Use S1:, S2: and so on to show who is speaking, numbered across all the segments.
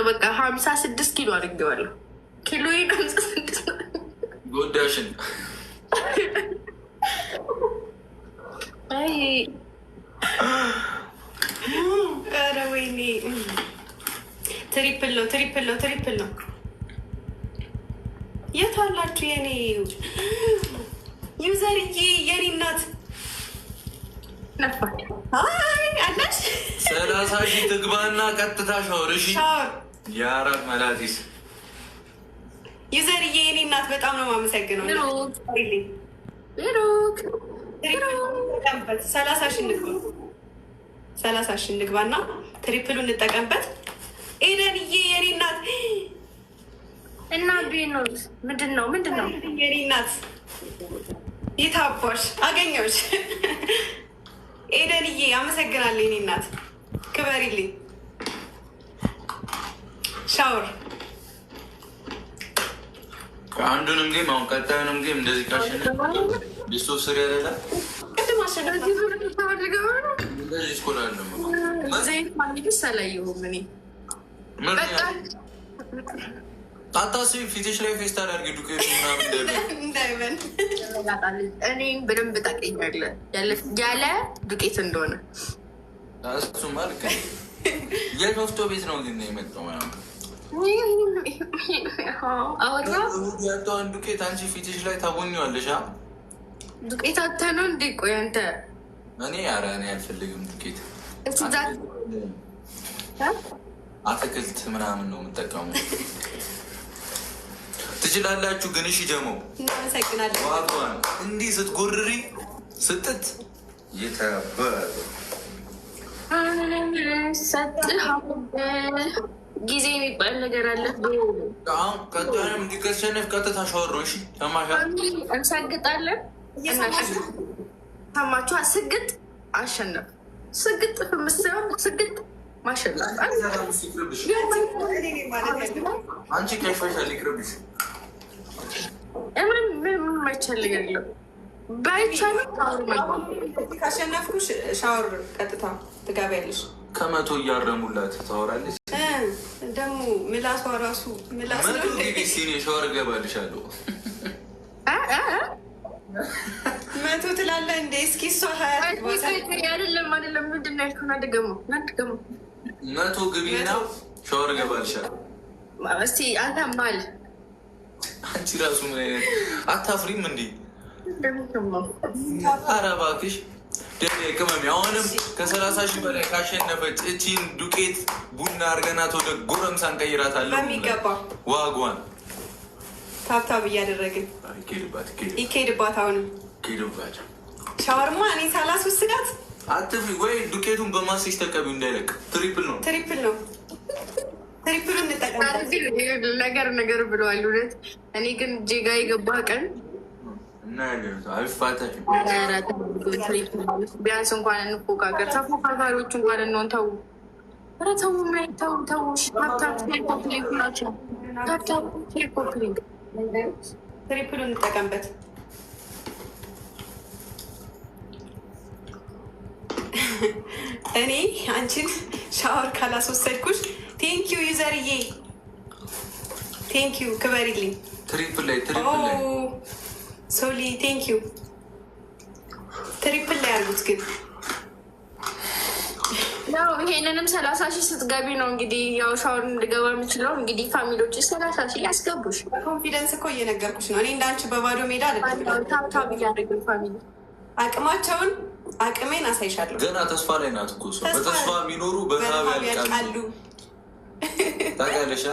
S1: አድርጌዋለሁ። በቃ ሀምሳ ስድስት ኪሎ አድርጌዋለሁ። ኪሎ ሀምሳ ስድስት ጎዳሽን። አይ ኧረ ወይኔ ትሪፕል ነው ትሪፕል ነው ትሪፕል ነው። የት አላችሁ የኔ ዩዘርዬ የኔ እናት አይ አላሽ
S2: ሰላሳ ሺህ ትግባና ቀጥታ ሻወር እሺ የአረብ መላጢስ
S1: ዩዘርዬ የኔ እናት በጣም ነው የማመሰግነው። ሰላሳ ሺህ እንግባና ትሪፕሉ እንጠቀምበት። ኤደንዬ የኔ እናት እና ቤኖት ምንድን ነው ምንድን ነው የኔ እናት የታባሽ አገኘሁሽ። ኤደንዬ አመሰግናለሁ የኔ እናት ክበሪልኝ። ሻወር
S2: አንዱንም ጌም አሁን ቀጣዩንም ጌም እንደዚህ ካሸነፍ ቢሶስት ስሪ ያለላ እንደዚህ ስኮላለ
S1: ዘይት ማንግስ አላየሁም እኔ
S2: አታስቢ። ፊትሽ ላይ ፌስት አድርጊ ዱቄቱ ምናምን
S1: እኔም በደንብ ታውቂኛለህ ያለ ዱቄት እንደሆነ
S2: እሱማ ልክ ነው። የወፍጮ ቤት ነው ግን የመጣው ምናምን ያለውን ዱቄት አንቺ ፊትሽ ላይ ታጎኘዋለሽ።
S1: ዱቄት አተ ነው እንዴ? ቆይ አንተ
S2: እኔ ኧረ እኔ አልፈልግም ዱቄት። አትክልት ምናምን ነው የምጠቀሙ። ትችላላችሁ ግን እሺ። ጀሞ ዋን እንዲህ ስትጎርሪ ስጥት የተበ
S1: ጊዜ የሚባል ነገር አለ።
S2: ቀጣይም ቀጥታ ሻወር ነው።
S1: እንሰግጣለን። ሰማችኋ? ስግጥ አሸነፍ፣ ስግጥ ምስም፣ ስግጥ ማሸነፍ።
S2: አንቺ ከይፈሻል፣ ይቅርብሽ።
S1: ካሸነፍኩሽ ሻወር ቀጥታ ትጋቢያለሽ።
S2: ከመቶ እያረሙላት ታወራለች
S1: ምላሷ ራሱ
S2: ምላስ ነው። ሻወር እገባልሻለሁ
S1: መቶ ትላለህ እንደ እስኪ እሷ አይደለም አይደለም፣ ምንድን ነው
S2: መቶ ግቢ ነው ሻወር እገባልሻለሁ።
S1: እስቲ አታማል
S2: አንቺ ራሱ ምን አይነት አታፍሪም እንዴ? ኧረ እባክሽ ደኔ ቅመም አሁንም ከሰላሳ ሺህ በላይ ካሸነፈች እቺን ዱቄት ቡና አድርገናት ወደ ጎረምሳ እንቀይራታለን። በሚገባ ዋጓን
S1: ታብታብ እያደረግን ይካሄድባት። አሁንም ሻወርማ እኔ ሳላስ ውስጋት
S2: አትፍሪ ወይ ዱቄቱን በማስሽ ተቀቢው እንዳይለቅ። ትሪፕል ነው
S1: ትሪፕል ነው ትሪፕል ነገር ነገር ብለዋል። እውነት እኔ ግን ጄጋ የገባ ቀን ቢያንስ እንኳን እንፎካከር። ተፎካካሪዎች እንኳን እንሆን። ተው ኧረ ተው ተው ተው። ትሪፕሉ እንጠቀምበት። እኔ አንቺን ሻወር ካላስወሰድኩሽ ቴንኪዩ ዩዘርዬ፣ ቴንኪዩ ክበሪልኝ።
S2: ትሪፕል ላይ ትሪፕል
S1: ላይ ሶሊ ቴንክ ዩ ትሪፕል ላይ ያሉት ግን ያው ይሄንንም ሰላሳ ሺህ ስትገቢ ነው እንግዲህ ያው ሻውን ልገባ የምችለው እንግዲህ ፋሚሊዎች ሰላሳ ሺህ ያስገቡሽ። ኮንፊደንስ እኮ እየነገርኩሽ ነው። እኔ እንዳንቺ በባዶ ሜዳ ታብታብ እያደረግን ፋሚሊ አቅማቸውን አቅሜን አሳይሻለሁ።
S2: ገና ተስፋ ላይ ናት እኮ በተስፋ የሚኖሩ
S1: በታብ ያልቃሉ ታውቂያለሽ።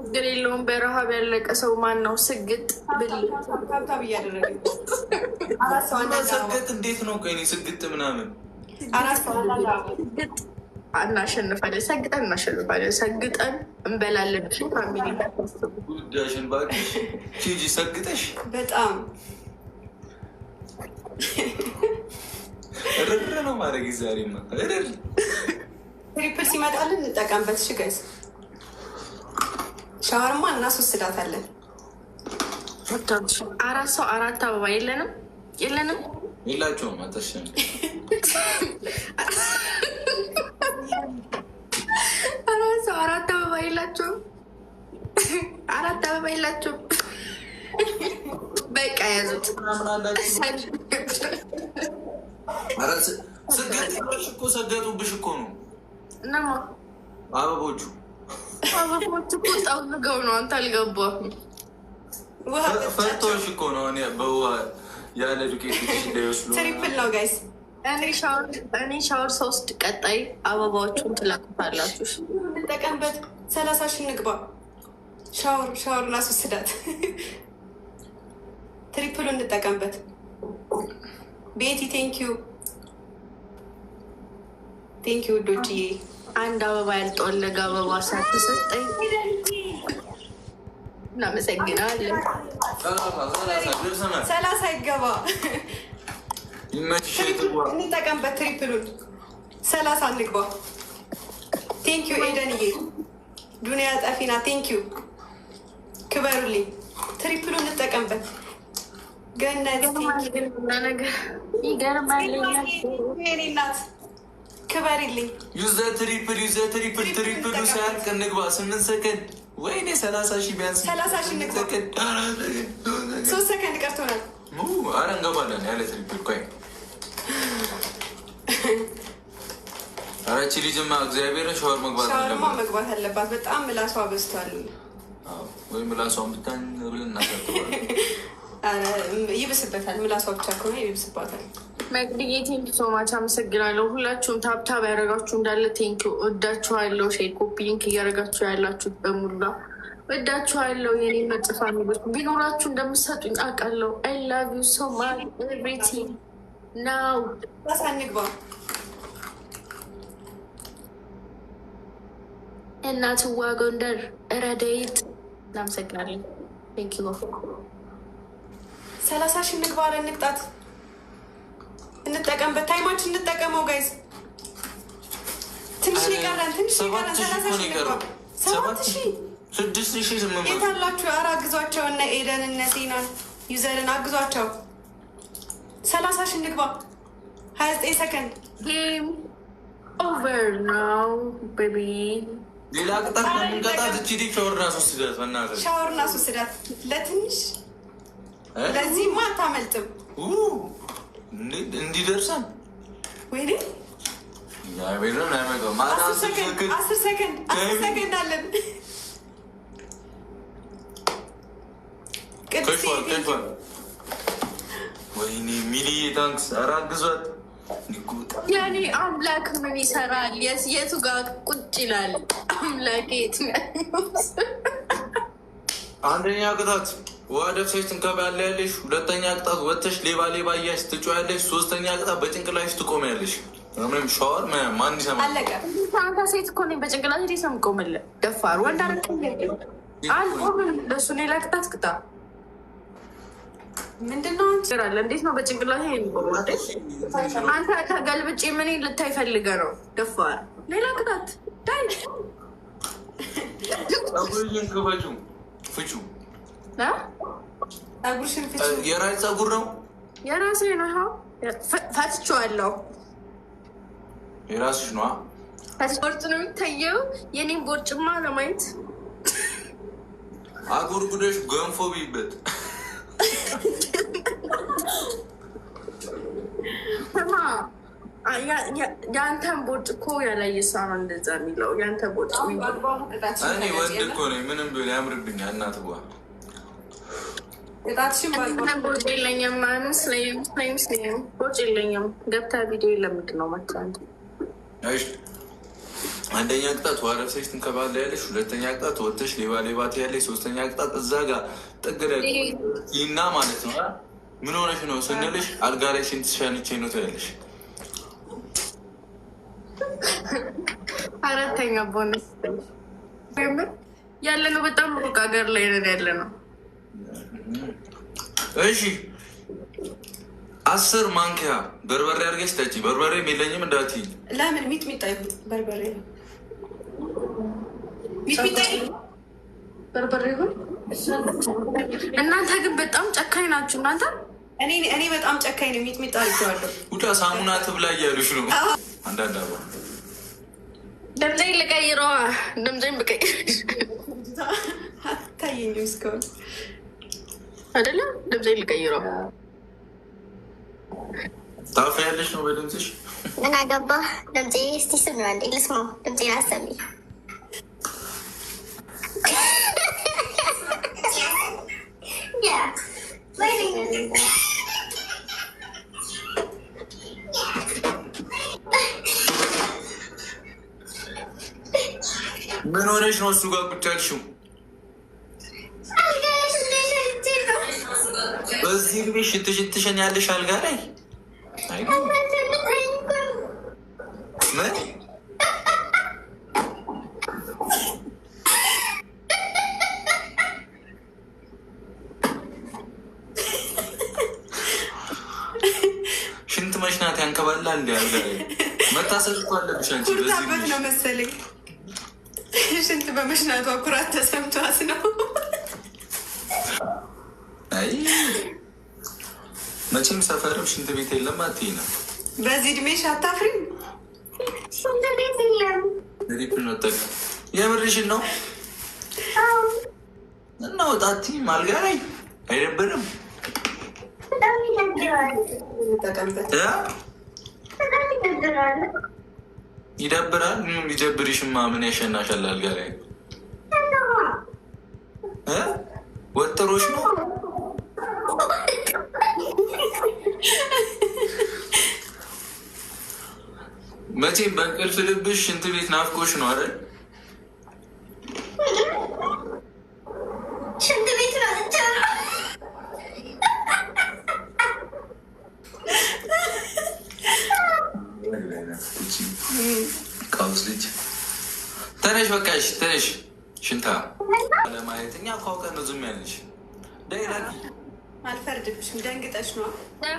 S1: ችግር የለውም። በረሃብ ያለቀ ሰው ማን ነው? ስግጥ ብልታብ እያደረገ
S2: ስግጥ እንዴት ነው? ቆይ ስግጥ ምናምን
S1: እናሸንፋለን፣ ሰግጠን እናሸንፋለን፣ ሰግጠን እንበላለን። ፋሚሊ
S2: ጉዳሽን እባክሽ ሂጂ ሰግጠሽ በጣም ርር ነው ማድረግ ዛሬ ርር
S1: ትሪፕል ሲመጣልን እንጠቀምበት ሽገስ ሻወርማ እናስወስዳታለን። አራት ሰው አራት አበባ የለንም የለንም ማተሽ አራት ሰው አራት አበባ የላቸውም። አራት አበባ የላቸውም። በቃ ያዙት።
S2: ሰገጡብሽ እኮ ነው አበቦቹ
S1: አባቶች እኮ ነው። አንተ አልገባሁም።
S2: ፈርቶሽ እኮ ነው። እኔ በውሃ ያለ
S1: ትሪፕል ነው ጋይስ። እኔ ሻወር ሶስት ቀጣይ አበባዎቹን ትላቁታላችሁ። እንጠቀምበት። ሰላሳ ንግባ። ሻወር ሻወር ላስወስዳት። ትሪፕሉ እንጠቀምበት። ቤቲ ቴንኪዩ ቴንኪ ውዶችዬ። አንድ አበባ ያልጠወለገ አበባ ሳትሰጠኝ እናመሰግናለን። ሰላሳ ይገባ እንጠቀምበት። ትሪፕሉን ሰላሳ እንግባ። ቴንኪ ኤደንዬ፣ ዱንያ ጠፊና ቴንኪ ክበሩልኝ። ትሪፕሉን እንጠቀምበት። ገነት ገርማ ናት። ክበሪልኝ።
S2: ዩዘ ትሪፕል ዩዘ ትሪፕል ትሪፕል ሳያልቅ እንግባ። ስምንት ሰከንድ ወይኔ ሰላሳ ሺህ ቢያንስ
S1: ሰላሳ ሺህ እንግባ። ሶስት ሰከንድ ቀርቶናል።
S2: አረ እንገባለን ያለ ትሪፕል ቆይ አራቺ ልጅማ እግዚአብሔር ሻወር
S1: መግባት ሻወርማ መግባት አለባት። በጣም ምላሷ በዝቷል።
S2: ወይ ምላሷን ብታን ብለን እናሳትባል።
S1: ይብስበታል። ምላሷ ብቻ ከሆነ ይብስባታል። መቅድዬ ቴንኪ ሶማች አመሰግናለሁ። ሁላችሁም ታብታብ ያደረጋችሁ እንዳለ ቴንኪ እወዳችኋለሁ። ሼር ኮፒ ሊንክ እያደረጋችሁ ያላችሁ በሙላ እወዳችኋለሁ። የኔ መጽፋ ፋሚሊዎች ቢኖራችሁ እንደምሰጡኝ አውቃለሁ። አይ ላቭ ዩ ሶ ማች ኤቭሪቲንግ ናው ሳንግባ እናትዋ ጎንደር ረዳይት እናመሰግናለን። ቴንኪ ሰላሳ ሺህ እንግባ እንቅጣት እንጠቀምበት፣ ታይማችን እንጠቀመው ጋይዝ። ትንሽ ይቀራል፣ ትንሽ ይቀራል። ሰባት ሺህ
S2: ስድስት ሺህ
S1: የት አላችሁ? ኧረ አግዟቸው፣ እነ ኤደን እነ ዜናን ዩዘርን አግዟቸው። ሰላሳ ሺህ እንግባ። ሀያ ዘጠኝ ሰከንድ ጌም ኦቨር ነው ቤቢ።
S2: ሌላ ቅጣት ሻወርና ሶስት ስዳት
S1: ሻወርና ሶስት ለትንሽ ለዚህማ አታመልጥም።
S2: እንዲደርሰን
S1: ወይኔ አምላክ ምን ይሰራል? የቱ ጋር ቁጭ ይላል አምላክ? የት ነው
S2: አንደኛ ቅጣት ወደ ሴት ትንከባለያለሽ። ሁለተኛ ቅጣት ወተሽ ሌባ ሌባ እያሽ ትጮያለሽ። ሶስተኛ ቅጣት በጭንቅላሽ ትቆሚያለሽ። ምንም ሻወር ማን
S1: ይሰማል? አለቀ። አንተ ሴት እኮ ነኝ። በጭንቅላት ዴ ሰም ቆምለ ደፋር ወንድ አረቅ አልቆምን ለሱ ሌላ ቅጣት ቅጣ ምንድነው? እንችላለ እንዴት ነው በጭንቅላት አንተ ተገልብጭ ምን ልታይ ፈልገ ነው? ደፋር ሌላ ቅጣት ዳይ
S2: ፍቹ የራይ ፀጉር ነው
S1: የራሴ ነው። ፈትቼዋለሁ። የራስሽ ነዋ። ቦርጭ ነው የሚታየው። የኔም ቦርጭማ ለማየት
S2: አጉርጉዶሽ ገንፎ ቢበት
S1: የአንተን ቦርጭ እኮ ያላየ ሰው ነው እንደዛ የሚለው። የአንተ ቦርጭ እኔ
S2: ወንድ እኮ ነኝ። ምንም ቢሆን ያምርብኛል እናት
S1: እጣትሽን ቦርጭ የለኝም አይመስለኝም። ቦርጭ የለኝም። ገብታ ቪዲዮ ለምንድን ነው መታ?
S2: አንደኛ ቅጣት ዋረብሰች ትንከባለ ያለሽ፣ ሁለተኛ ቅጣት ወተሽ ሌባ ሌባ ያለሽ፣ ሶስተኛ ቅጣት እዛ ጋር ጥግረ ይና ማለት ነው። ምን ሆነሽ ነው ስንልሽ አልጋ ላይ ሽንት ሻንቼ ነው ያለሽ።
S1: አራተኛ ቦነስ ያለ ነው። በጣም ሩቅ ሀገር ላይ ያለ ነው።
S2: እሺ አስር ማንኪያ በርበሬ አድርገሽ ጠጪ። በርበሬ የለኝም እንዳት
S1: ለምን ሚጥሚጣ ይሁን በርበሬ ነው። ሚጥሚጣ ይሁን በርበሬ ይሁን። እናንተ ግን በጣም ጨካኝ ናችሁ። እናንተ እኔ እኔ በጣም ጨካኝ ነው። ሚጥሚጣ ይዋለሁ
S2: ውጣ፣ ሳሙና ትብላ እያሉሽ ነው። አንዳንድ አባ
S1: ድምፄን ልቀይረዋ። ድምፄን ብቀይር አታየኝም እስካሁን አይደለ ልብዜ ልቀይረው
S2: ታፍ ያለሽ ነው በድምፅሽ
S1: ምን አገባ ድምፄ እስቲ ስም ነው እንዴ ልስማው ድምፄ አሰሚ
S2: ምን ሆነሽ ነው እሱ ጋር ጉዳያልሽው በዚህ ግቢ ሽት ሽትሽን ያለሽ አልጋ ላይ ሽንት መሽናት ያንከባላ እንዲ አልጋ ላይ መታሰል እኮ አለብሽ
S1: አንቺ። ኩርታበት ነው መሰለኝ ሽንት በመሽናቷ ኩራት ተሰምቷት ነው።
S2: መቼም ሰፈርም ሽንት ቤት የለም አትይኝ ነው።
S1: በዚህ እድሜሽ አታፍሪም? ሽንት ቤት የለም።
S2: የምርሽን ነው? እና ወጣቲ አትይም? አልጋ ላይ አይደብርም? ይደብራል። ቢደብርሽማ ምን ያሸናሻል? አልጋ ላይ ወጥሮሽ ነው መቼም በእንቅልፍ ልብሽ ሽንት ቤት ናፍቆሽ ነው አይደል?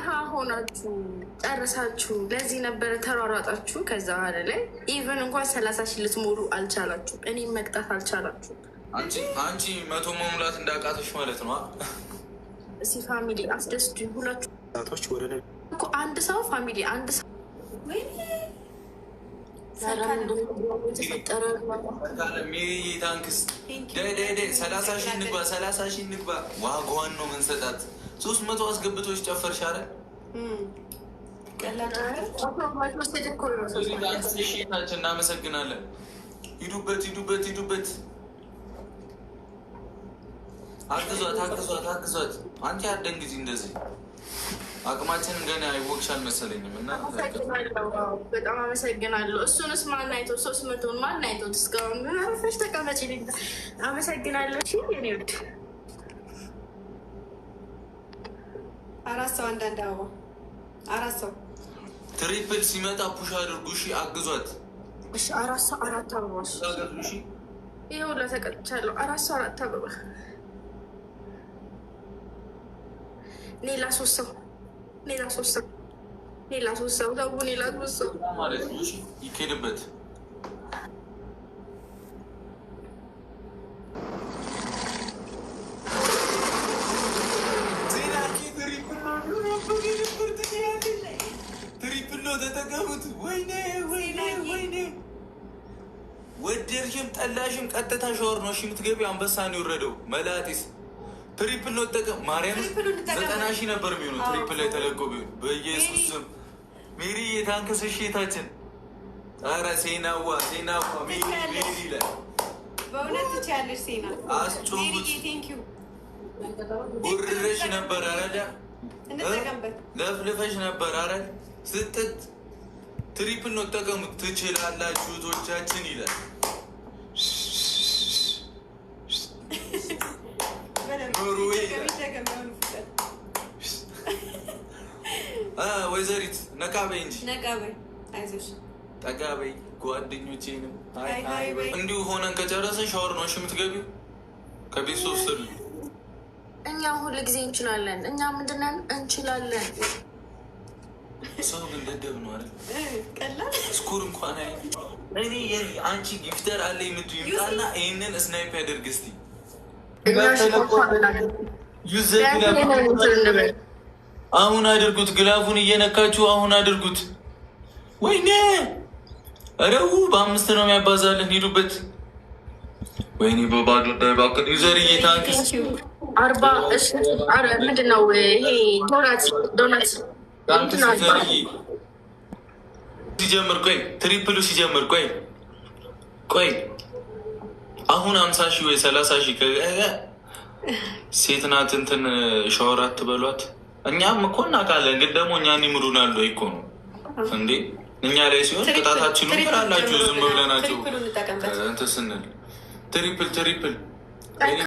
S1: ረሃ ሆናችሁ ጨርሳችሁ ለዚህ ነበረ ተሯሯጣችሁ። ከዛ በኋላ ላይ ኢቨን እንኳን ሰላሳ ሺህ ልትሞሉ አልቻላችሁ። እኔም መቅጣት አልቻላችሁ።
S2: አንቺ መቶ መሙላት እንዳቃቶች ማለት ነው።
S1: እሲ ፋሚሊ አስደስቱ ሁላችሁ። ጣቶች ወደ አንድ ሰው ፋሚሊ አንድ ሰው ሰላሳ
S2: ሺህ እንግባ፣ ሰላሳ ሺህ እንግባ። ዋጋዋን ነው መንሰጣት ሶስት መቶ አስገብቶች ጨፈርሽ አይደል? ናቸው። እናመሰግናለን። ሂዱበት፣ ሂዱበት፣ ሂዱበት። አግዟት፣ አግዟት፣ አግዟት። አንቺ ጊዜ እንደዚህ አቅማችንን ገና አይወቅሽ አልመሰለኝም። እና
S1: በጣም አመሰግናለሁ። እሱንስ ማን አይቶት? ሶስት መቶን ማን አይቶት? እስካሁን ተቀመጭ። አመሰግናለሁ። እሺ የኔ ውድ አራት ሰው አንዳንድ አበባ አራት ሰው
S2: ትሪፕል ሲመጣ ፑሽ አድርጉ። እሺ አግዟት።
S1: እሺ አራት ሰው አራት አበባ ይኸው ለተቀጥቻለሁ። አራት ሰው አራት አበባ ሌላ ሶስት ሰው ሌላ ሶስት ሰው ሌላ ሶስት ሰው ሌላ ሶስት ሰው ማለት
S2: ይኬድበት ሄድሽም ጠላሽም ቀጥታ ሻወር ነው እሺ አንበሳ ነው የወረደው መላጢስ ትሪፕል ነው ተጠቀም። ማርያም ዘጠና ሺህ ነበር የሚሆነው ትሪፕል ላይ ተለቆ ቢሆን በኢየሱስ ስም ሜሪ የታንከስሽ የታችን ኧረ ሴናዋ ሴናዋ ሜሪ ሜሪ ላይ
S1: በእውነት ትችያለሽ። ሴና
S2: አስጮሙት ውርረሽ ነበር አረዳ ለፍልፈሽ ነበር አረ ስጥት ትሪፕል ነው ተጠቀሙት። ትችላላችሁ ቶቻችን ይላል ወይዘሪት ነቃ በይ እንጂ ነቃ በይ፣ አይዞሽ ጠጋ በይ። ጓደኞቼንም እንዲሁ ሆነን ከጨረስን ሻወር ነው የምትገቢው። ከቤት ሶስት ል
S1: እኛ ሁል ጊዜ እንችላለን። እኛ ምንድነን እንችላለን።
S2: ሰው ግን ደደብ ነው አይደል? ቀላል ስኩር እንኳን አይ እኔ አንቺ ጊፍተር አለ የምትዩ ይምጣና ይህንን ስናይፕ ያደርግ እስቲ አሁን አድርጉት። ግላቡን እየነካችሁ አሁን አድርጉት። ወይኔ ረው በአምስት ነው የሚያባዛልን። ሂዱበት። ወይኔ በባዶ እንዳይባክን። ዩዘርዬ ታንክስ።
S1: አርባ ምንድን ነው ይሄ? ዶናት ዶናት
S2: ሲጀምር ቆይ፣ ትሪፕሉ ሲጀምር ቆይ ቆይ። አሁን አምሳ ሺህ ወይ ሰላሳ ሺህ ሴት ናት። እንትን ሻወር አትበሏት እኛም እኮ እናውቃለን፣ ግን ደግሞ እኛን ይምሩናል ወይ እኮ ነው እንዴ እኛ ላይ ሲሆን ቅጣታችን ላላችሁ ዝም ብለናቸው እንትን ስንል ትሪፕል ትሪፕል